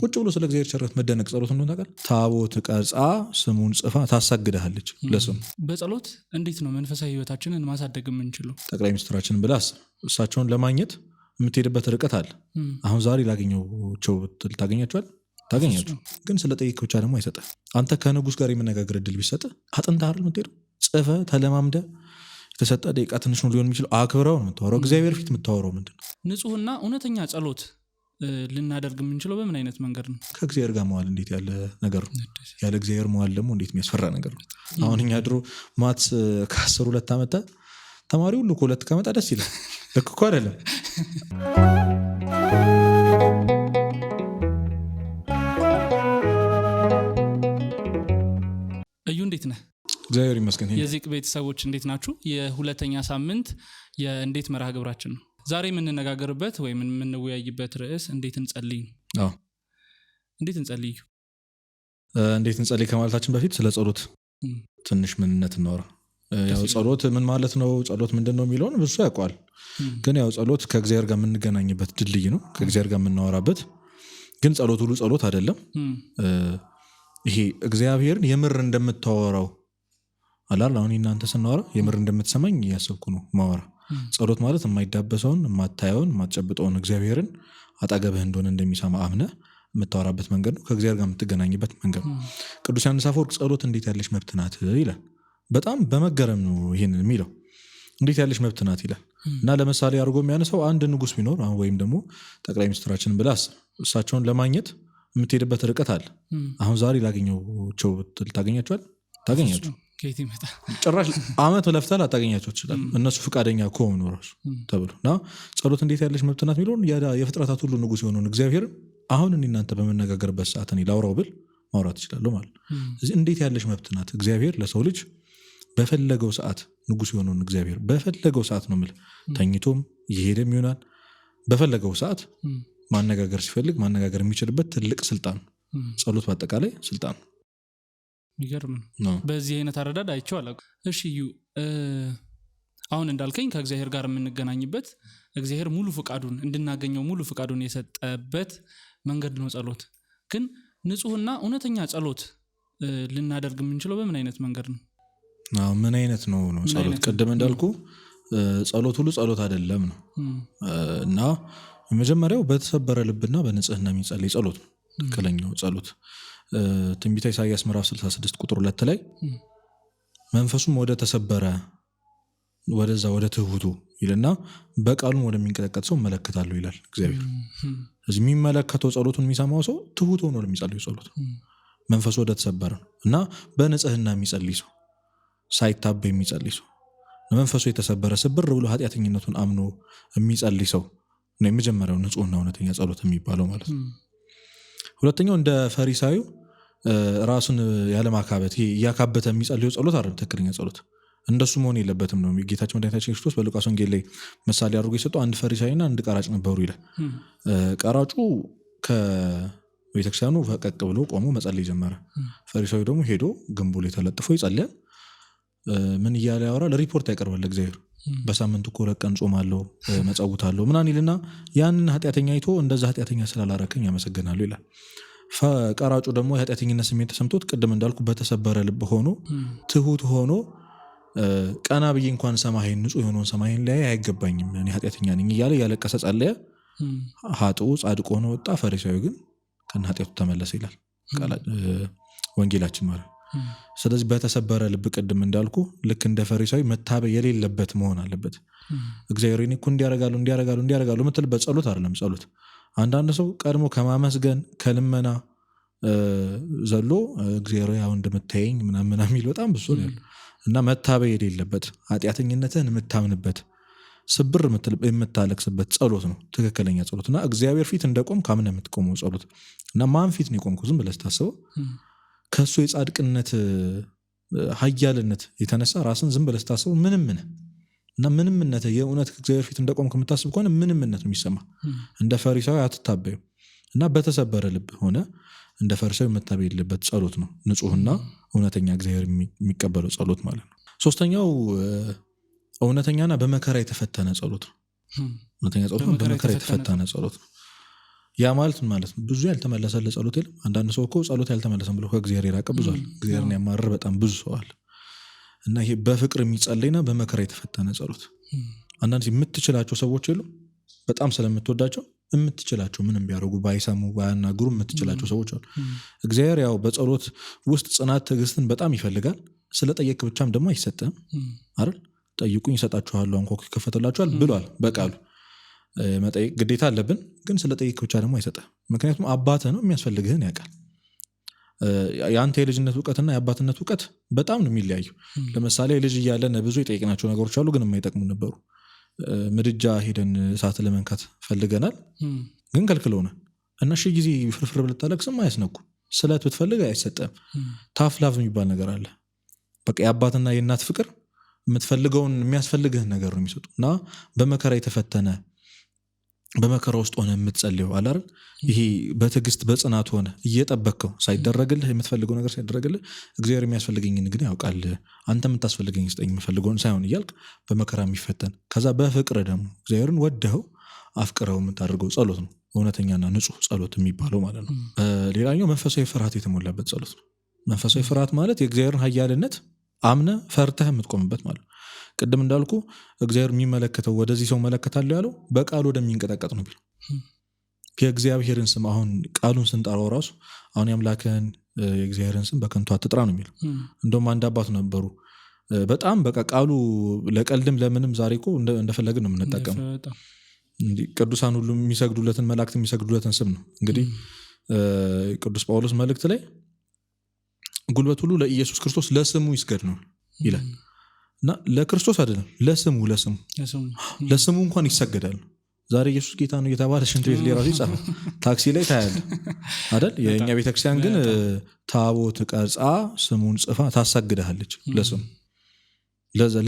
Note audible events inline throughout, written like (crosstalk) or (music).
ቁጭ ብሎ ስለ እግዚአብሔር ቸርነት መደነቅ ጸሎት እንደሆነ ታውቃለህ። ታቦት ቀርጻ ስሙን ጽፋ ታሳግድሃለች ለስሙ። በጸሎት እንዴት ነው መንፈሳዊ ህይወታችንን ማሳደግ የምንችለው? ጠቅላይ ሚኒስትራችንን ብላስ እሳቸውን ለማግኘት የምትሄድበት ርቀት አለ። አሁን ዛሬ ላገኘቸው ብትል ታገኛቸዋል ታገኛቸው፣ ግን ስለ ጠይቅ ብቻ ደግሞ አይሰጠ። አንተ ከንጉስ ጋር የመነጋገር እድል ቢሰጥ አጥንታ አይደል የምትሄደው? ጽፈ ተለማምደ የተሰጠህ ደቂቃ ትንሽ ነው ሊሆን የሚችለው። አክብረው ነው የምታወራው። እግዚአብሔር ፊት የምታወራው ምንድን ነው? ንጹህና እውነተኛ ጸሎት ልናደርግ የምንችለው በምን አይነት መንገድ ነው? ከእግዚአብሔር ጋር መዋል እንዴት ያለ ነገር ነው። ያለ እግዚአብሔር መዋል ደግሞ እንዴት የሚያስፈራ ነገር ነው። አሁን እኛ ድሮ ማት ከአስር ሁለት አመጣ ተማሪ ሁሉ ከሁለት ከመጣ ደስ ይላል። ልክ እኮ አይደለም። እዩ እንዴት ነህ? እግዚአብሔር ይመስገን። የዚቅ ቤተሰቦች እንዴት ናችሁ? የሁለተኛ ሳምንት የእንዴት መርሃ ግብራችን ነው ዛሬ የምንነጋገርበት ወይም የምንወያይበት ርዕስ እንዴት እንጸልይ እንዴት እንጸልይ እንዴት እንጸልይ ከማለታችን በፊት ስለ ጸሎት ትንሽ ምንነት እናወራ። ያው ጸሎት ምን ማለት ነው፣ ጸሎት ምንድን ነው የሚለውን ብዙ ያውቋል። ግን ያው ጸሎት ከእግዚአብሔር ጋር የምንገናኝበት ድልድይ ነው፣ ከእግዚአብሔር ጋር የምናወራበት። ግን ጸሎት ሁሉ ጸሎት አይደለም። ይሄ እግዚአብሔርን የምር እንደምታወራው አላል አሁን እናንተ ስናወራ የምር እንደምትሰማኝ እያሰብኩ ነው ማወራ። ጸሎት ማለት የማይዳበሰውን የማታየውን የማትጨብጠውን እግዚአብሔርን አጣገብህ እንደሆነ እንደሚሰማ አምነ የምታወራበት መንገድ ነው። ከእግዚአብሔር ጋር የምትገናኝበት መንገድ ነው። ቅዱስ ዮሐንስ አፈወርቅ ጸሎት እንዴት ያለች መብት ናት ይላል። በጣም በመገረም ነው ይህን የሚለው እንዴት ያለች መብት ናት ይላል። እና ለምሳሌ አድርጎ የሚያነሳው አንድ ንጉስ ቢኖር ወይም ደግሞ ጠቅላይ ሚኒስትራችን ብላስ እሳቸውን ለማግኘት የምትሄድበት ርቀት አለ። አሁን ዛሬ ላገኘቸው ልታገኛቸዋል ታገኛቸው ከየት ይመጣል? ጭራሽ አመት ለፍተህ ላታገኛቸው ትችላል። እነሱ ፈቃደኛ ከሆኑ ራሱ ተብሎ እና ጸሎት እንዴት ያለች መብትናት ናት የሚለውን የፍጥረታት ሁሉ ንጉስ የሆነውን እግዚአብሔር አሁን እኔ እናንተ በመነጋገርበት ሰዓት እኔ ላውራው ብል ማውራት ይችላሉ ማለት እንዴት ያለች መብትናት እግዚአብሔር ለሰው ልጅ በፈለገው ሰዓት ንጉስ የሆነውን እግዚአብሔር በፈለገው ሰዓት ነው ምል ተኝቶም እየሄደም ይሆናል በፈለገው ሰዓት ማነጋገር ሲፈልግ ማነጋገር የሚችልበት ትልቅ ስልጣን ጸሎት በአጠቃላይ ስልጣን ነው። የሚገርም ነው። በዚህ አይነት አረዳድ አይቸው አላውቅም። እሺ ዩ አሁን እንዳልከኝ ከእግዚአብሔር ጋር የምንገናኝበት እግዚአብሔር ሙሉ ፍቃዱን እንድናገኘው ሙሉ ፍቃዱን የሰጠበት መንገድ ነው ጸሎት። ግን ንጹህና እውነተኛ ጸሎት ልናደርግ የምንችለው በምን አይነት መንገድ ነው? ምን አይነት ነው ነው ጸሎት? ቅድም እንዳልኩ ጸሎት ሁሉ ጸሎት አይደለም ነው እና የመጀመሪያው በተሰበረ ልብና በንጽህና የሚጸለይ ጸሎት ነው ትክክለኛው ጸሎት ትንቢተ ኢሳያስ ምዕራፍ 66 ቁጥር ሁለት ላይ መንፈሱም ወደ ተሰበረ ወደዛ ወደ ትሁቱ ይልና በቃሉም ወደሚንቀጠቀጥ ሰው መለከታሉ ይላል እግዚአብሔር። እዚህ የሚመለከተው ጸሎቱን የሚሰማው ሰው ትሁት ሆኖ ለሚጸልዩ ጸሎት መንፈሱ ወደ ተሰበረ እና በንጽህና የሚጸል ሰው ሳይታበ የሚጸል ሰው መንፈሱ የተሰበረ ስብር ብሎ ኃጢአተኝነቱን አምኖ የሚጸልይ ሰው የመጀመሪያው ንጹህና እውነተኛ ጸሎት የሚባለው ማለት ነው። ሁለተኛው እንደ ፈሪሳዩ ራሱን ያለማካበት እያካበተ የሚጸልዩ ጸሎት አይደለም ትክክለኛ ጸሎት። እንደሱ መሆን የለበትም ነው ጌታችን መድኃኒታችን ክርስቶስ በሉቃስ ወንጌል ላይ ምሳሌ አድርጎ የሰጠው አንድ ፈሪሳዊና አንድ ቀራጭ ነበሩ ይላል። ቀራጩ ከቤተክርስቲያኑ ፈቀቅ ብሎ ቆሞ መጸለይ ጀመረ። ፈሪሳዊ ደግሞ ሄዶ ግንቡ ላይ ተለጥፎ ይጸልያል። ምን እያለ ያወራል? ሪፖርት ያቀርባል እግዚአብሔር በሳምንት እኮ ረቀን ጾማለሁ መጸውታለሁ ምናን ይልና ያንን ኃጢአተኛ አይቶ እንደዛ ኃጢአተኛ ስላላረከኝ ያመሰግናሉ ይላል። ፈቀራጩ ደግሞ የኃጢአተኝነት ስሜት ተሰምቶት ቅድም እንዳልኩ በተሰበረ ልብ ሆኖ ትሁት ሆኖ ቀና ብዬ እንኳን ሰማይን ንጹህ የሆነውን ሰማይን ላይ አይገባኝም እኔ ኃጢአተኛ ነኝ እያለ እያለቀሰ ጸለየ። ሀጡ ጻድቅ ሆኖ ወጣ፣ ፈሪሳዊ ግን ከነ ኃጢአቱ ተመለሰ ይላል ወንጌላችን ማለት ስለዚህ በተሰበረ ልብ ቅድም እንዳልኩ ልክ እንደ ፈሪሳዊ መታበይ የሌለበት መሆን አለበት። እግዚአብሔርን እኮ እንዲያረጋሉ እንዲያረጋሉ እንዲያረጋሉ ምትል በጸሎት አይደለም። ጸሎት አንዳንድ ሰው ቀድሞ ከማመስገን ከልመና ዘሎ እግዚአብሔር ያው እንደምታየኝ ምናምና የሚል በጣም ብሶ ያሉ እና መታበይ የሌለበት ኃጢአተኝነትህን የምታምንበት ስብር የምታለቅስበት ጸሎት ነው ትክክለኛ ጸሎት እና እግዚአብሔር ፊት እንደቆም ካምነ የምትቆመው ጸሎት እና ማን ፊት ነው የቆምኩ ዝም ብለህ ስታስበው ከእሱ የጻድቅነት ሀያልነት የተነሳ ራስን ዝም ብለህ ምንም ነ እና ምንምነት የእውነት እግዚአብሔር ፊት እንደቆም ከምታስብ ከሆነ ምንምነት ነው የሚሰማ። እንደ ፈሪሳዊ አትታበዩ እና በተሰበረ ልብ ሆነ እንደ ፈሪሳዊ መታበይ የለበት ጸሎት ነው። ንጹህና እውነተኛ እግዚአብሔር የሚቀበለው ጸሎት ማለት ነው። ሶስተኛው እውነተኛና በመከራ የተፈተነ ጸሎት ነው። እውነተኛ ጸሎት በመከራ የተፈተነ ጸሎት ነው። ያ ማለት ማለት ነው ብዙ ያልተመለሰለ ጸሎት የለም። አንዳንድ ሰው እኮ ጸሎት ያልተመለሰም ብሎ ከእግዚአብሔር የራቀ ብዙ አለ። እግዚአብሔርን ያማረር በጣም ብዙ ሰው አለ። እና ይሄ በፍቅር የሚጸለይና በመከራ የተፈተነ ጸሎት አንዳንድ የምትችላቸው ሰዎች የሉ በጣም ስለምትወዳቸው የምትችላቸው ምንም ቢያደርጉ ባይሰሙ ባያናግሩ የምትችላቸው ሰዎች አሉ። እግዚአብሔር ያው በጸሎት ውስጥ ጽናት፣ ትዕግስትን በጣም ይፈልጋል። ስለ ጠየቅ ብቻም ደግሞ አይሰጥም አይደል? ጠይቁኝ ይሰጣችኋለሁ፣ አንኳኩ ይከፈትላችኋል ብሏል በቃሉ። መጠየቅ ግዴታ አለብን። ግን ስለ ጠይቅ ብቻ ደግሞ አይሰጠ ምክንያቱም አባተ ነው የሚያስፈልግህን ያውቃል። የአንተ የልጅነት እውቀትና የአባትነት እውቀት በጣም ነው የሚለያዩ። ለምሳሌ ልጅ እያለን ብዙ የጠየቅናቸው ነገሮች አሉ፣ ግን የማይጠቅሙ ነበሩ። ምድጃ ሄደን እሳት ለመንካት ፈልገናል፣ ግን ከልክለውናል እና ሺ ጊዜ ፍርፍር ብልታለቅስም አያስነኩም። ስለት ብትፈልግ አይሰጠም። ታፍላፍ የሚባል ነገር አለ። በቃ የአባትና የእናት ፍቅር የምትፈልገውን የሚያስፈልግህን ነገር ነው የሚሰጡ እና በመከራ የተፈተነ በመከራ ውስጥ ሆነ የምትጸልየው አላር ይሄ በትዕግስት በጽናት ሆነ እየጠበቅከው ሳይደረግልህ የምትፈልገው ነገር ሳይደረግልህ እግዚአብሔር የሚያስፈልገኝን ግን ያውቃል አንተ የምታስፈልገኝ ስጠኝ የምፈልገውን ሳይሆን እያልክ በመከራ የሚፈተን ከዛ በፍቅር ደግሞ እግዚአብሔርን ወደኸው አፍቅረው የምታደርገው ጸሎት ነው እውነተኛና ንጹህ ጸሎት የሚባለው ማለት ነው ሌላኛው መንፈሳዊ ፍርሃት የተሞላበት ጸሎት ነው መንፈሳዊ ፍርሃት ማለት የእግዚአብሔርን ሀያልነት አምነ ፈርተህ የምትቆምበት ማለት ነው ቅድም እንዳልኩ እግዚአብሔር የሚመለከተው ወደዚህ ሰው መለከታለ ያለው በቃሉ ወደሚንቀጠቀጥ ነው ቢለው የእግዚአብሔርን ስም አሁን ቃሉን ስንጠራው ራሱ አሁን የአምላክህን የእግዚአብሔርን ስም በከንቱ አትጥራ ነው የሚለው። እንደውም አንድ አባት ነበሩ በጣም በቃ ቃሉ ለቀልድም ለምንም ዛሬ እኮ እንደፈለግን ነው የምንጠቀም ቅዱሳን ሁሉ የሚሰግዱለትን መላእክት የሚሰግዱለትን ስም ነው። እንግዲህ ቅዱስ ጳውሎስ መልእክት ላይ ጉልበት ሁሉ ለኢየሱስ ክርስቶስ ለስሙ ይስገድ ነው ይላል። እና ለክርስቶስ አይደለም ለስሙ ለስሙ ለስሙ እንኳን ይሰገዳል ዛሬ ኢየሱስ ጌታ ነው እየተባለ ሽንት ቤት ሊራሱ ይጻፋል ታክሲ ላይ ታያለ አይደል የእኛ ቤተክርስቲያን ግን ታቦት ቀርጻ ስሙን ጽፋ ታሳግድሃለች ለስሙ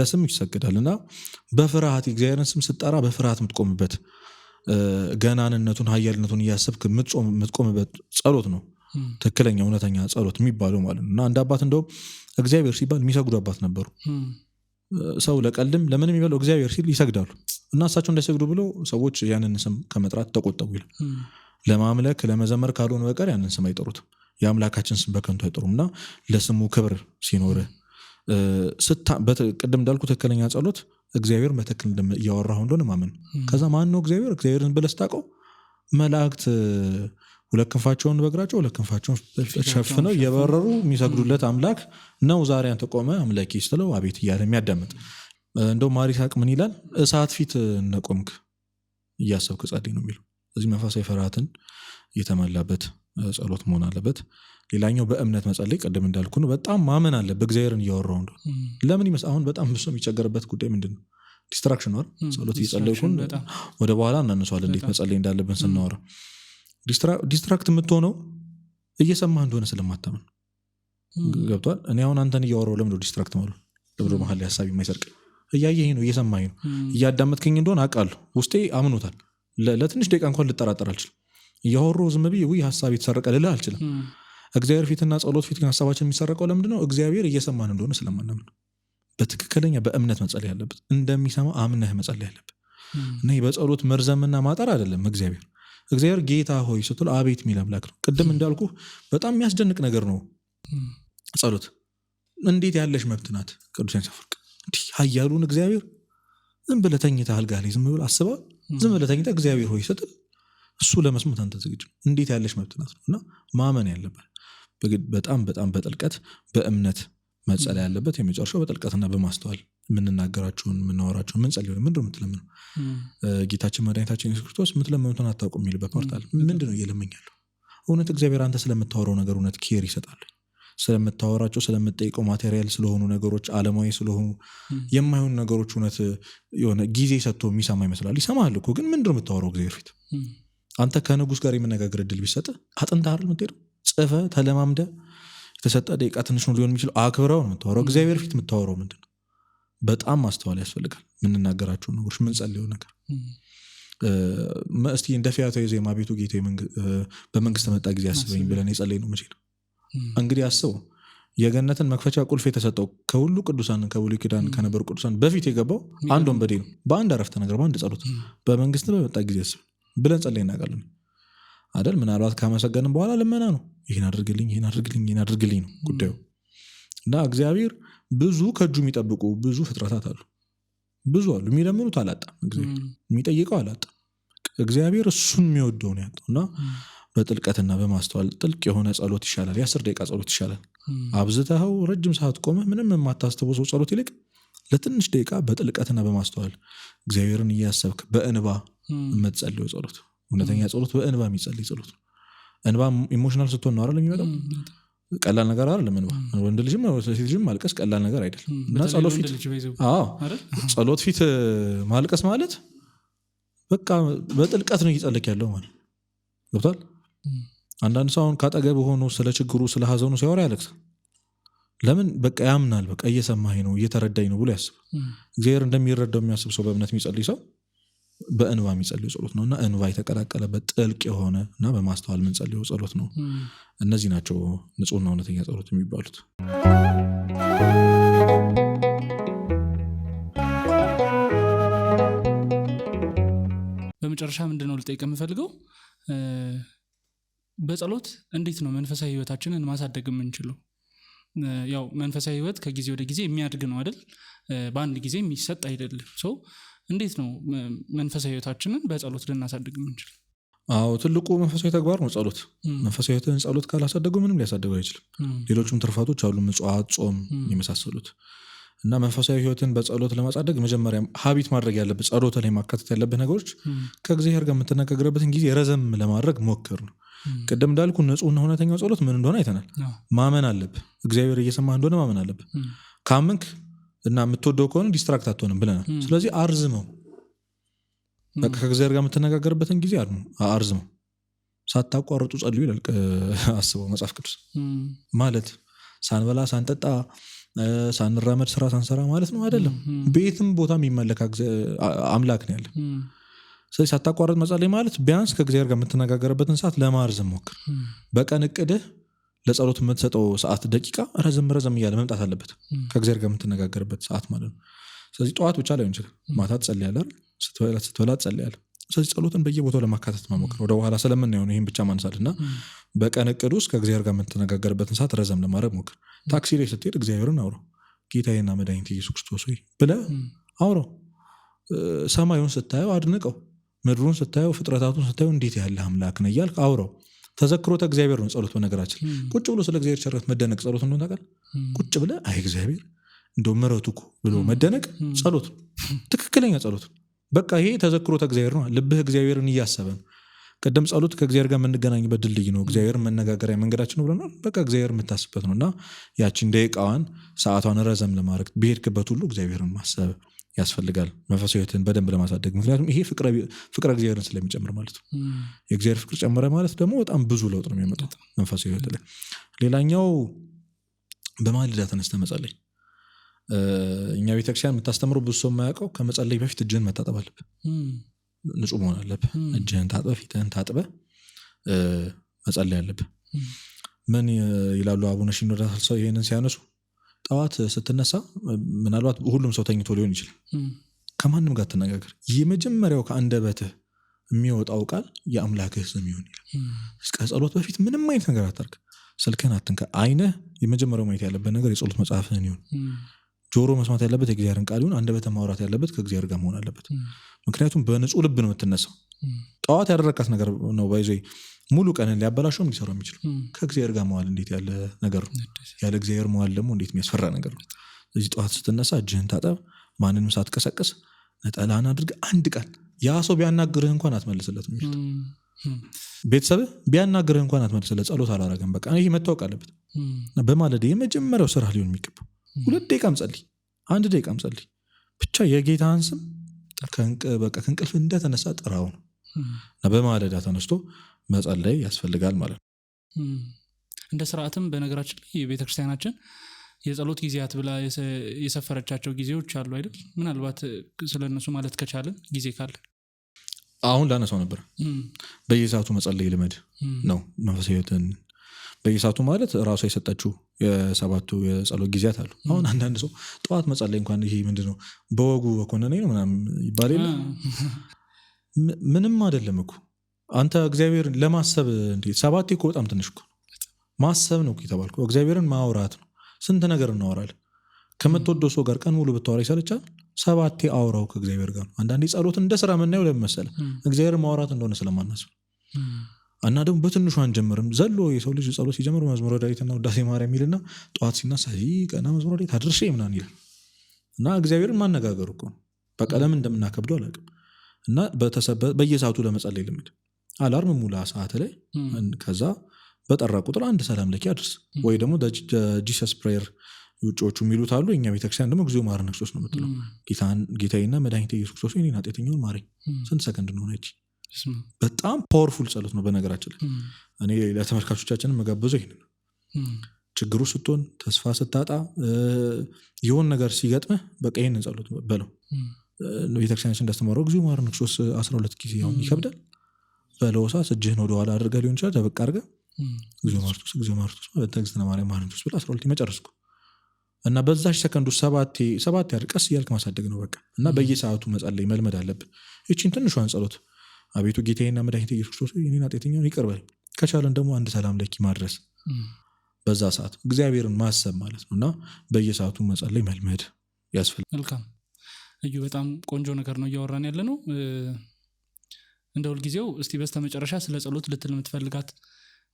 ለስም ይሰግዳል እና በፍርሃት እግዚአብሔርን ስም ስጠራ በፍርሃት የምትቆምበት ገናንነቱን ሀያልነቱን እያሰብክ የምትቆምበት ጸሎት ነው ትክክለኛ እውነተኛ ጸሎት የሚባለው ማለት ነው እና አንድ አባት እንደውም እግዚአብሔር ሲባል የሚሰግዱ አባት ነበሩ ሰው ለቀልድም ለምንም የሚበለው እግዚአብሔር ሲል ይሰግዳሉ እና እሳቸው እንዳይሰግዱ ብሎ ሰዎች ያንን ስም ከመጥራት ተቆጠቡ ይላል። ለማምለክ ለመዘመር ካልሆነ በቀር ያንን ስም አይጠሩትም። የአምላካችን ስም በከንቱ አይጠሩም እና ለስሙ ክብር ሲኖር ቅድም እንዳልኩ ትክክለኛ ጸሎት እግዚአብሔር መተክል እያወራሁ እንደሆነ ማመን ከዛ ማን ነው እግዚአብሔር እግዚአብሔርን ብለስታቀው መላእክት ሁለት ክንፋቸውን በእግራቸው ሁለት ክንፋቸውን ሸፍነው እየበረሩ የሚሰግዱለት አምላክ ነው። ዛሬ አንተ ቆመ አምላኬ ስትለው አቤት እያለ የሚያዳምጥ እንደው ማሪሳቅ ምን ይላል? እሳት ፊት እነቆምክ እያሰብክ ጸልይ ነው የሚለው። እዚህ መንፈሳዊ ፍርሃትን የተሞላበት ጸሎት መሆን አለበት። ሌላኛው በእምነት መጸለይ፣ ቅድም እንዳልኩ ነው። በጣም ማመን አለ በእግዚአብሔርን እያወራው እንደ ለምን ይመስ አሁን በጣም ብሶ የሚቸገርበት ጉዳይ ምንድን ነው? ዲስትራክሽን ጸሎት እየጸለይኩን ወደ በኋላ እናነሷል እንዴት መጸለይ እንዳለብን ስናወራ ዲስትራክት የምትሆነው እየሰማህ እንደሆነ ስለማታምን ገብቷል። እኔ አሁን አንተን እያወረው ለምዶ ዲስትራክት ማሉ ለምዶ መሀል ሀሳብ የማይሰርቅ እያየህ ነው፣ እየሰማ ነው፣ እያዳመጥክኝ እንደሆነ አቃሉ ውስጤ አምኖታል። ለትንሽ ደቂቃ እንኳን ልጠራጠር አልችልም። እያወሮ ዝም ብ ውይ ሀሳብ የተሰረቀ ልልህ አልችልም። እግዚአብሔር ፊትና ጸሎት ፊት ሀሳባችን የሚሰረቀው ለምድ ነው? እግዚአብሔር እየሰማን እንደሆነ ስለማናምን በትክክለኛ በእምነት መጸለይ ያለበት እንደሚሰማ አምነህ መጸለይ ያለበት እና በጸሎት መርዘምና ማጠር አይደለም እግዚአብሔር እግዚአብሔር ጌታ ሆይ ስትል አቤት የሚል አምላክ ነው። ቅድም እንዳልኩ በጣም የሚያስደንቅ ነገር ነው ጸሎት። እንዴት ያለሽ መብት ናት። ቅዱስ ያንሳፈርቅ እንዲህ ኃያሉን እግዚአብሔር ዝም ብለህ ተኝተህ አልጋ ላይ ዝም ብለህ አስበህ ዝም ብለህ ተኝተህ እግዚአብሔር ሆይ ስትል እሱ ለመስማት አንተ ዝግጁ እንዴት ያለሽ መብት ናት ነው እና ማመን ያለበት በጣም በጣም በጥልቀት በእምነት መጸለይ ያለበት የመጨረሻው በጥልቀትና በማስተዋል የምንናገራቸውን የምናወራቸውን ጸልዩ ምንድ የምትለምነው ጌታችን መድኃኒታችን ኢየሱስ ክርስቶስ የምትለምኑትን አታውቁ የሚል በፖርታል አለ ምንድነው እየለመኛለሁ እውነት እግዚአብሔር አንተ ስለምታወራው ነገር እውነት ኬር ይሰጣል ስለምታወራቸው ስለምጠይቀው ማቴሪያል ስለሆኑ ነገሮች አለማዊ ስለሆኑ የማይሆኑ ነገሮች እውነት የሆነ ጊዜ ሰጥቶ የሚሰማ ይመስላል ይሰማል እኮ ግን ምንድ የምታወረው እግዚአብሔር ፊት አንተ ከንጉስ ጋር የመነጋገር እድል ቢሰጥ አጥንት አይደል የምትሄደው ጽፈ ተለማምደ የተሰጠ ደቂቃ ትንሽ ነው ሊሆን የሚችለው አክብረው ነው የምታወራው እግዚአብሔር ፊት የምታወረው ምንድን በጣም ማስተዋል ያስፈልጋል የምንናገራቸው ነገሮች ምንጸልየው ነገር እስቲ እንደ ፊያታዊ ዜማ ቤቱ ጌታ በመንግስት መጣ ጊዜ አስበኝ ብለን የጸለይ ነው መቼ ነው እንግዲህ አስበው የገነትን መክፈቻ ቁልፍ የተሰጠው ከሁሉ ቅዱሳን ከብሉ ኪዳን ከነበሩ ቅዱሳን በፊት የገባው አንድ ወንበዴ ነው በአንድ አረፍተ ነገር በአንድ ጸሎት በመንግስት በመጣ ጊዜ አስበኝ ብለን ጸለይ እናቃለን አደል ምናልባት ካመሰገንም በኋላ ልመና ነው ይህን አድርግልኝ ይህን አድርግልኝ ይህን አድርግልኝ ነው ጉዳዩ እና እግዚአብሔር ብዙ ከእጁ የሚጠብቁ ብዙ ፍጥረታት አሉ። ብዙ አሉ። የሚለምኑት አላጣም፣ የሚጠይቀው አላጣ እግዚአብሔር እሱን የሚወደው ነው ያጣው እና በጥልቀትና በማስተዋል ጥልቅ የሆነ ጸሎት ይሻላል። የአስር ደቂቃ ጸሎት ይሻላል። አብዝተኸው ረጅም ሰዓት ቆመ ምንም የማታስበው ሰው ጸሎት ይልቅ ለትንሽ ደቂቃ በጥልቀትና በማስተዋል እግዚአብሔርን እያሰብክ በእንባ የምትጸልየው ጸሎት እውነተኛ ጸሎት በእንባ የሚጸልይ ጸሎት ነው። እንባ ኢሞሽናል ስትሆን ነው አለ የሚመጣው ቀላል ነገር አይደለም። ምን ወንድ ልጅም ሴት ማልቀስ ቀላል ነገር አይደለምጸሎት ፊት ማልቀስ ማለት በቃ በጥልቀት ነው እየጸለክ ያለው ማለት ገብቷል። አንዳንድ ሰው አሁን ካጠገብ ሆኖ ስለ ችግሩ ስለ ሀዘኑ ሲያወራ ያለቅሰ ለምን በቃ ያምናል። በቃ እየሰማኝ ነው እየተረዳኝ ነው ብሎ ያስብ። እግዚአብሔር እንደሚረዳው የሚያስብ ሰው በእምነት የሚጸልይ ሰው በእንባ የሚጸልዩ ጸሎት ነው እና እንባ የተቀላቀለበት ጥልቅ የሆነ እና በማስተዋል የምንጸልዩ ጸሎት ነው። እነዚህ ናቸው ንጹህና እውነተኛ ጸሎት የሚባሉት። በመጨረሻ ምንድነው ልጠይቅ የምፈልገው በጸሎት እንዴት ነው መንፈሳዊ ህይወታችንን ማሳደግ የምንችለው? ያው መንፈሳዊ ህይወት ከጊዜ ወደ ጊዜ የሚያድግ ነው አይደል? በአንድ ጊዜ የሚሰጥ አይደለም ሰው እንዴት ነው መንፈሳዊ ህይወታችንን በጸሎት ልናሳድግ ምንችል? አዎ ትልቁ መንፈሳዊ ተግባር ነው ጸሎት። መንፈሳዊ ህይወትን ጸሎት ካላሳደገው ምንም ሊያሳደገው አይችልም። ሌሎችም ትርፋቶች አሉ፣ ምጽዋት፣ ጾም የመሳሰሉት እና መንፈሳዊ ህይወትን በጸሎት ለማሳደግ መጀመሪያ ሀቢት ማድረግ ያለብህ ጸሎት ላይ ማካተት ያለብህ ነገሮች ከእግዚአብሔር ጋር የምትነጋገርበትን ጊዜ ረዘም ለማድረግ ሞክር ነው። ቅድም እንዳልኩ ንጹህና እውነተኛው ጸሎት ምን እንደሆነ አይተናል። ማመን አለብ እግዚአብሔር እየሰማህ እንደሆነ ማመን አለብ ካመንክ እና የምትወደው ከሆነ ዲስትራክት አትሆንም ብለናል። ስለዚህ አርዝመው በቃ ከእግዚአብሔር ጋር የምትነጋገርበትን ጊዜ አርዝመው ሳታቋርጡ ጸልዩ ይላል። አስበው መጽሐፍ ቅዱስ ማለት ሳንበላ ሳንጠጣ ሳንራመድ ስራ ሳንሰራ ማለት ነው አይደለም። ቤትም ቦታ የሚመለክ አምላክ ነው ያለ። ስለዚህ ሳታቋርጥ መጸለይ ማለት ቢያንስ ከእግዚአብሔር ጋር የምትነጋገርበትን ሰዓት ለማርዘም ሞክር። በቀን እቅድህ ለጸሎት የምትሰጠው ሰዓት ደቂቃ ረዘም ረዘም እያለ መምጣት አለበት ከእግዚር ጋር የምትነጋገርበት ሰዓት ማለት ነው ስለዚህ ጠዋት ብቻ ላይሆን ይችላል ማታ ትጸልያለህ ስትበላ ስትበላ ስለዚህ ጸሎትን በየቦታው ለማካተት መሞከር ወደ በኋላ ሆነ ይህን ብቻ ማንሳት እና በቀን እቅድ ውስጥ ከእግዚር ጋር የምትነጋገርበትን ሰዓት ረዘም ለማድረግ ሞክር ታክሲ ላይ ስትሄድ እግዚአብሔርን አውረው ጌታዬና መድኃኒት ኢየሱስ ክርስቶስ ወይ ብለ አውረው ሰማዩን ስታየው አድንቀው ምድሩን ስታየው ፍጥረታቱን ስታየው እንዴት ያለ አምላክ ነ እያልክ አውረው ተዘክሮተ እግዚአብሔር ነው ጸሎት። በነገራችን ቁጭ ብሎ ስለ እግዚአብሔር ቸርነት መደነቅ ጸሎት እንደሆነ ታውቃለህ። ቁጭ ብለህ አይ እግዚአብሔር እንደ ምሕረቱ እኮ ብሎ መደነቅ ጸሎት ትክክለኛ ጸሎት በቃ ይሄ ተዘክሮተ እግዚአብሔር ነው። ልብህ እግዚአብሔርን እያሰበ ነው። ቅድም ጸሎት ከእግዚአብሔር ጋር የምንገናኝበት ድልድይ ነው፣ እግዚአብሔር መነጋገሪያ መንገዳችን ነው ብለናል። በቃ እግዚአብሔር የምታስብበት ነው እና ያቺን ደቂቃዋን ሰዓቷን ረዘም ለማድረግ ብሄድክበት ሁሉ እግዚአብሔርን ማሰብ ያስፈልጋል መንፈሳዊ ህይወትን በደንብ ለማሳደግ። ምክንያቱም ይሄ ፍቅረ እግዚአብሔርን ስለሚጨምር ማለት ነው። የእግዚአብሔር ፍቅር ጨመረ ማለት ደግሞ በጣም ብዙ ለውጥ ነው የሚያመጣው መንፈሳዊ ህይወት ላይ። ሌላኛው በማለዳ ተነስተ መጸለይ። እኛ ቤተክርስቲያን የምታስተምረው ብዙ ሰው የማያውቀው ከመጸለይ በፊት እጅህን መታጠብ አለብ፣ ንጹህ መሆን አለብ። እጅህን ታጥበ፣ ፊትህን ታጥበ መጸለይ አለብ። ምን ይላሉ አቡነ ሽኖዳ ይህንን ሲያነሱ ጠዋት ስትነሳ ምናልባት ሁሉም ሰው ተኝቶ ሊሆን ይችላል። ከማንም ጋር ትነጋገር። የመጀመሪያው ከአንደበትህ የሚወጣው ቃል የአምላክህ ስም ይሆን ይላል። ከጸሎት በፊት ምንም አይነት ነገር አታርግ። ስልክህን አትንከ አይነ የመጀመሪያው ማየት ያለበት ነገር የጸሎት መጽሐፍህን ይሁን። ጆሮ መስማት ያለበት የእግዚአብሔርን ቃል ይሁን። አንደበተ ማውራት ያለበት ከእግዚአብሔር ጋር መሆን አለበት። ምክንያቱም በንጹህ ልብ ነው የምትነሳው። ጠዋት ያደረካት ነገር ነው ባይዘ ሙሉ ቀንን ሊያበላሸውም ሊሰራው የሚችል ከእግዚአብሔር ጋር መዋል እንዴት ያለ ነገር ነው። ያለ እግዚአብሔር መዋል ደግሞ እንዴት የሚያስፈራ ነገር ነው። ስለዚህ ጠዋት ስትነሳ እጅህን ታጠብ፣ ማንንም ሳትቀሰቅስ ነጠላን አድርግ አንድ ቀን ያ ሰው ቢያናግርህ እንኳን አትመልስለት ሚል ቤተሰብ ቢያናግርህ እንኳን አትመልስለት። ጸሎት አላረገም በቃ ይህ መታወቅ አለበት። በማለዳ የመጀመሪያው ስራ ሊሆን የሚገባው ሁለት ደቂቃም ጸልይ፣ አንድ ደቂቃም ጸልይ ብቻ የጌታን ስም በቃ ከእንቅልፍ እንደተነሳ ጥራው ነው። በማለዳ ተነስቶ መጸለይ ያስፈልጋል ማለት ነው። እንደ ስርዓትም በነገራችን ላይ የቤተክርስቲያናችን የጸሎት ጊዜያት ብላ የሰፈረቻቸው ጊዜዎች አሉ አይደል? ምናልባት ስለ እነሱ ማለት ከቻለን ጊዜ ካለ አሁን ላነሳው ነበር። በየሰዓቱ መጸለይ ልመድ ነው መንፈሳዊ ሕይወትን በየሰዓቱ ማለት እራሷ የሰጠችው የሰባቱ የጸሎት ጊዜያት አሉ። አሁን አንዳንድ ሰው ጠዋት መጸለይ እንኳን ይሄ ምንድን ነው በወጉ በኮነነ ነው ምናምን ይባል የለ ምንም አይደለም እኮ አንተ እግዚአብሔር ለማሰብ እንዴ ሰባት እኮ በጣም ትንሽ እኮ ማሰብ ነው የተባልኩ እግዚአብሔርን ማውራት ነው። ስንት ነገር እናወራለን። ከምትወደው ሰው ጋር ቀን ሙሉ ብታወራ ይሰለቻል። ሰባቴ አውራው ከእግዚአብሔር ጋር ነው። አንዳንዴ ጸሎት እንደ ስራ የምናየው ለምን መሰለህ? እግዚአብሔር ማውራት እንደሆነ ስለማናስብ እና ደግሞ በትንሹ አንጀምርም። ዘሎ የሰው ልጅ ጸሎት ሲጀምር መዝሙረ ዳዊትና ውዳሴ ማርያም ይልና ጠዋት ሲነሳ ቀና መዝሙረ ዳዊት አድርሼ ምናምን ይላል እና እግዚአብሔርን ማነጋገር እኮ ነው። በቃ እንደምናከብደው አላውቅም። እና በየሰዓቱ ለመጸለይ ልምድ አላርም ሙላ ሰዓት ላይ ከዛ በጠራ ቁጥር አንድ ሰላም ለኪ አድርስ ወይ ደግሞ ጂሰስ ፕሬየር ውጮቹ የሚሉት አሉ እኛ ቤተክርስቲያን ደግሞ ጊዜው ማረነ ክርስቶስ ነው ምትለው ጌታዬና መድኃኒት ኢየሱስ ክርስቶስ እኔን ኃጢአተኛውን ማረኝ ስንት ሰከንድ ነው ነች በጣም ፓወርፉል ጸሎት ነው በነገራችን ላይ እኔ ለተመልካቾቻችን መጋበዙ ይህን ነው ችግሩ ስትሆን ተስፋ ስታጣ የሆን ነገር ሲገጥመ በቃ ይህንን ጸሎት በለው ቤተክርስቲያናችን እንዳስተማረው ጊዜው ማረነ ክርስቶስ አስራ ሁለት ጊዜ ሁን ይከብዳል በለወሳት እጅህን ወደኋላ አድርገ ሊሆን ይችላል ተበቃ አርገ ጊዜ ማርቶስ ጊዜ ማርቶስ ማለት ተግዝነ ማርያም ማርቶስ ብለህ አስራ ሁለት መጨረስኩ እና በዛች ሰከንዱ ሰባቴ ሰባቴ አይደል ቀስ እያልክ ማሳደግ ነው በቃ እና በየሰዓቱ መጸለይ መልመድ አለብን ይችን ትንሿን ጸሎት አቤቱ ጌታዬና መድኃኒቴ ኢየሱስ ክርስቶስ ይህን ኃጢአተኛውን ይቅር በለኝ ከቻለን ደግሞ አንድ ሰላም ለኪ ማድረስ በዛ ሰዓት እግዚአብሔርን ማሰብ ማለት ነው እና በየሰዓቱ መጸለይ መልመድ ያስፈልጋል መልካም እዩ በጣም ቆንጆ ነገር ነው እያወራን ያለ ነው እንደ ሁልጊዜው እስቲ በስተመጨረሻ ስለ ጸሎት ልትል የምትፈልጋት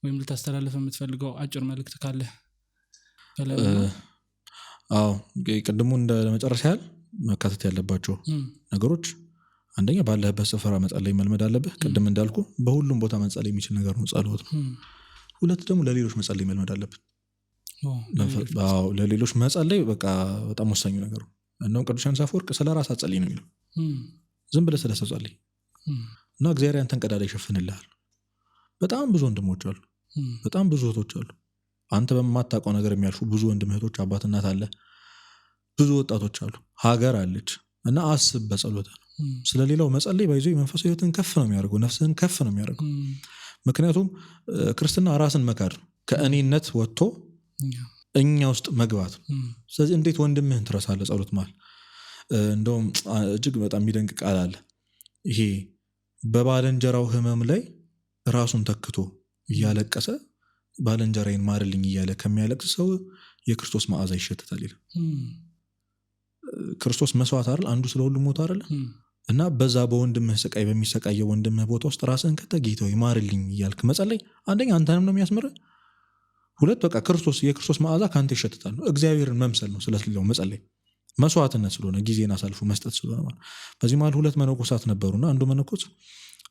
ወይም ልታስተላልፍ የምትፈልገው አጭር መልእክት ካለ አዎ ቅድሙ እንደ መጨረሻ ያህል መካተት ያለባቸው ነገሮች አንደኛ ባለህበት ስፍራ መጸለይ መልመድ አለብህ። ቅድም እንዳልኩ በሁሉም ቦታ መጸለይ የሚችል ነገር ነው ጸሎት ነው። ሁለት ደግሞ ለሌሎች መጸለይ መልመድ አለብን። ለሌሎች መጸለይ በቃ በጣም ወሳኙ ነገር ነው። እንደውም ቅዱስ ዮሐንስ ስለ ራስ አጸልይ ነው የሚለው። ዝም ብለ ስለ ጸልይ እና እግዚአብሔር ያንተን ቀዳዳ ይሸፍንልሃል። በጣም ብዙ ወንድሞች አሉ፣ በጣም ብዙ እህቶች አሉ። አንተ በማታውቀው ነገር የሚያልፉ ብዙ ወንድም እህቶች፣ አባት እናት አለ፣ ብዙ ወጣቶች አሉ፣ ሀገር አለች እና አስብ በጸሎት ስለሌላው መጸለይ ባይዞ መንፈሳዊ ህይወትን ከፍ ነው የሚያደርገው፣ ነፍስህን ከፍ ነው የሚያደርገው። ምክንያቱም ክርስትና ራስን መካድ ከእኔነት ወጥቶ እኛ ውስጥ መግባት ስለዚህ እንዴት ወንድምህን ትረሳለ ጸሎት ማል እንደውም እጅግ በጣም የሚደንቅ ቃል አለ ይሄ በባለንጀራው ህመም ላይ ራሱን ተክቶ እያለቀሰ ባለንጀራዬን ማርልኝ እያለ ከሚያለቅስ ሰው የክርስቶስ መዓዛ ይሸተታል ይል ክርስቶስ መስዋዕት አይደል አንዱ ስለ ሁሉ ሞት አይደለ እና በዛ በወንድምህ ስቃይ በሚሰቃየው ወንድምህ ቦታ ውስጥ ራስህን ከተ ጌታ ማርልኝ እያልክ መጸለይ አንደኛ አንተንም ነው የሚያስምር ሁለት በቃ ክርስቶስ የክርስቶስ መዓዛ ከአንተ ይሸተታል እግዚአብሔርን መምሰል ነው ስለሌለው መጸለይ መስዋዕትነት ስለሆነ ጊዜን አሳልፎ መስጠት ስለሆነ ማለት በዚህ መሀል ሁለት መነኮሳት ነበሩና አንዱ መነኮስ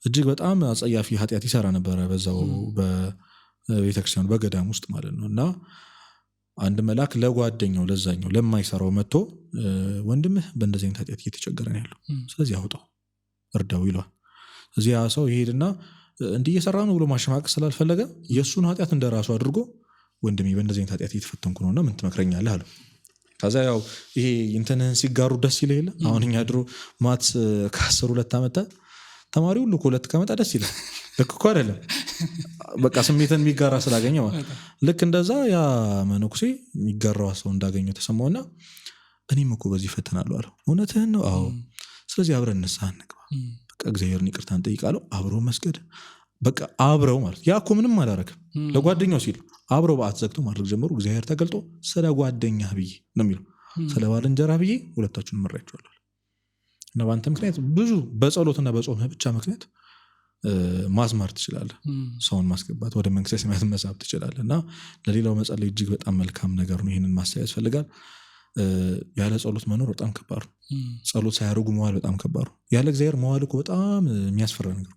እጅግ በጣም አጸያፊ ኃጢአት ይሰራ ነበረ በዛው በቤተክርስቲያኑ በገዳም ውስጥ ማለት ነው እና አንድ መልአክ ለጓደኛው ለዛኛው ለማይሰራው መጥቶ ወንድምህ በእንደዚህ አይነት ኃጢአት እየተቸገረ ነው ያለው ስለዚህ አውጣው እርዳው ይለዋል እዚህ ያ ሰው ይሄድና እንዲህ እየሰራ ነው ብሎ ማሸማቀቅ ስላልፈለገ የእሱን ኃጢአት እንደራሱ አድርጎ ወንድሜ በእንደዚህ አይነት ኃጢአት እየተፈተንኩ ነውና ምን ትመክረኛለህ አለው ከዛ ያው ይሄ እንትንህን ሲጋሩ ደስ ይለ የለ አሁን እኛ ድሮ ማት ከአስር ሁለት አመጣ ተማሪ ሁሉ ከሁለት ከመጣ ደስ ይለ ልክ እኮ አይደለም በቃ ስሜትን የሚጋራ ስላገኘ ልክ እንደዛ ያ መነኩሴ የሚጋራዋ ሰው እንዳገኘ ተሰማውና እኔም እኮ በዚህ ፈተናለሁ አለው። እውነትህን ነው? አዎ። ስለዚህ አብረን ንስሐ እንግባ፣ እግዚአብሔርን ይቅርታ እንጠይቃለሁ፣ አብሮ መስገድ፣ በቃ አብረው ማለት ያ እኮ ምንም አላረግም ለጓደኛው ሲል አብረው በአት ዘግቶ ማድረግ ጀመሩ። እግዚአብሔር ተገልጦ ስለ ጓደኛ ብዬ ነው የሚለው ስለ ባልንጀራ ብዬ ሁለታችሁን መራያቸዋለሁ እና በአንተ ምክንያት ብዙ በጸሎትና በጾም ብቻ ምክንያት ማስማር ትችላለ ሰውን ማስገባት ወደ መንግስተ ሰማያት መሳብ ትችላለ እና ለሌላው መጸለይ እጅግ በጣም መልካም ነገር ነው። ይህንን ማሰብ ያስፈልጋል። ያለ ጸሎት መኖር በጣም ከባድ ነው። ጸሎት ሳያደርጉ መዋል በጣም ከባድ ነው። ያለ እግዚአብሔር መዋል እኮ በጣም የሚያስፈራ ነገር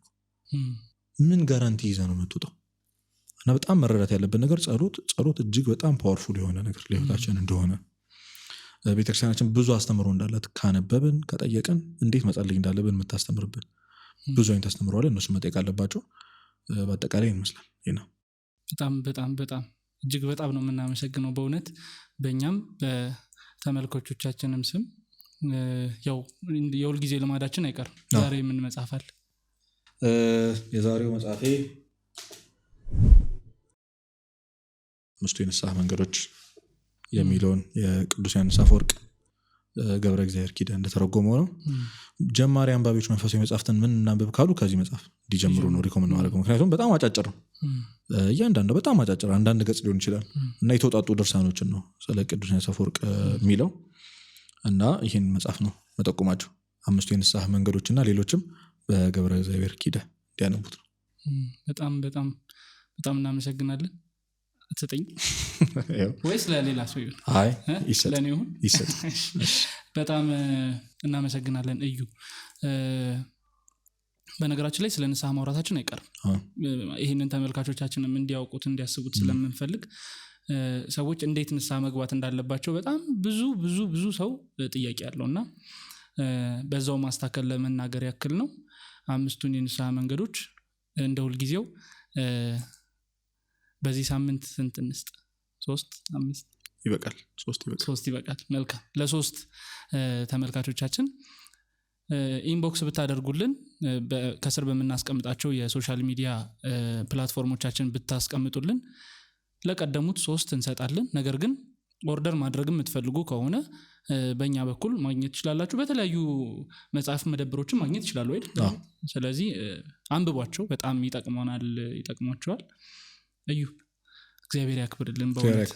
ምን ጋራንቲ ይዘ ነው የምትወጣው? እና በጣም መረዳት ያለብን ነገር ጸሎት ጸሎት እጅግ በጣም ፓወርፉል የሆነ ነገር ለህይወታችን እንደሆነ ቤተክርስቲያናችን ብዙ አስተምሮ እንዳላት ካነበብን ከጠየቅን እንዴት መጸለይ እንዳለብን የምታስተምርብን ብዙ አይነት አስተምረዋለ እነሱ መጠየቅ አለባቸው። በአጠቃላይ ይመስላል ይና በጣም በጣም በጣም እጅግ በጣም ነው የምናመሰግነው በእውነት በእኛም በተመልኮቾቻችንም ስም ያው የሁልጊዜ ልማዳችን አይቀርም ዛሬ የምንመጻፋል የዛሬው መጽሐፌ ምስቱ የንስሐ መንገዶች የሚለውን የቅዱስ ያንሳፍ ወርቅ ገብረ እግዚአብሔር ኪደ እንደተረጎመው ነው። ጀማሪ አንባቢዎች መንፈሳዊ መጽሐፍትን ምን እናንብብ ካሉ ከዚህ መጽሐፍ እንዲጀምሩ ነው ሪኮመንድ ማድረገው። ምክንያቱም በጣም አጫጭር ነው እያንዳንዱ በጣም አጫጭር አንዳንድ ገጽ ሊሆን ይችላል እና የተውጣጡ ድርሳኖችን ነው ስለ ቅዱስ ያንሳፍ ወርቅ የሚለው እና ይህን መጽሐፍ ነው መጠቁማቸው አምስቱ የንስሐ መንገዶች እና ሌሎችም በገብረ እግዚአብሔር ኪደ እንዲያነቡት ነው። በጣም በጣም በጣም እናመሰግናለን። አትሰጠኝ ወይስ ለሌላ ሰው ይሁን ይሁን? (laughs) በጣም እናመሰግናለን እዩ። በነገራችን ላይ ስለ ንስሐ ማውራታችን አይቀርም። ይህንን ተመልካቾቻችንም እንዲያውቁት እንዲያስቡት ስለምንፈልግ ሰዎች እንዴት ንስሐ መግባት እንዳለባቸው በጣም ብዙ ብዙ ብዙ ሰው ጥያቄ አለው እና በዛው ማስታከል ለመናገር ያክል ነው። አምስቱን የንስሐ መንገዶች እንደ ሁልጊዜው በዚህ ሳምንት ስንት እንስጥ? ሶስት አምስት ይበቃል። ሶስት ይበቃል። መልካም ለሶስት ተመልካቾቻችን ኢንቦክስ ብታደርጉልን ከስር በምናስቀምጣቸው የሶሻል ሚዲያ ፕላትፎርሞቻችን ብታስቀምጡልን ለቀደሙት ሶስት እንሰጣለን። ነገር ግን ኦርደር ማድረግ የምትፈልጉ ከሆነ በእኛ በኩል ማግኘት ትችላላችሁ። በተለያዩ መጽሐፍ መደብሮችን ማግኘት ይችላሉ ወይ ስለዚህ አንብቧቸው፣ በጣም ይጠቅመናል፣ ይጠቅሟቸዋል። እዩ እግዚአብሔር ያክብርልን፣ በእውነት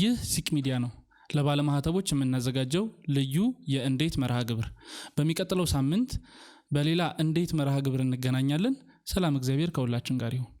ይህ ሲቅ ሚዲያ ነው ለባለማህተቦች የምናዘጋጀው ልዩ የእንዴት መርሃ ግብር። በሚቀጥለው ሳምንት በሌላ እንዴት መርሃ ግብር እንገናኛለን። ሰላም፣ እግዚአብሔር ከሁላችን ጋር ይሁን።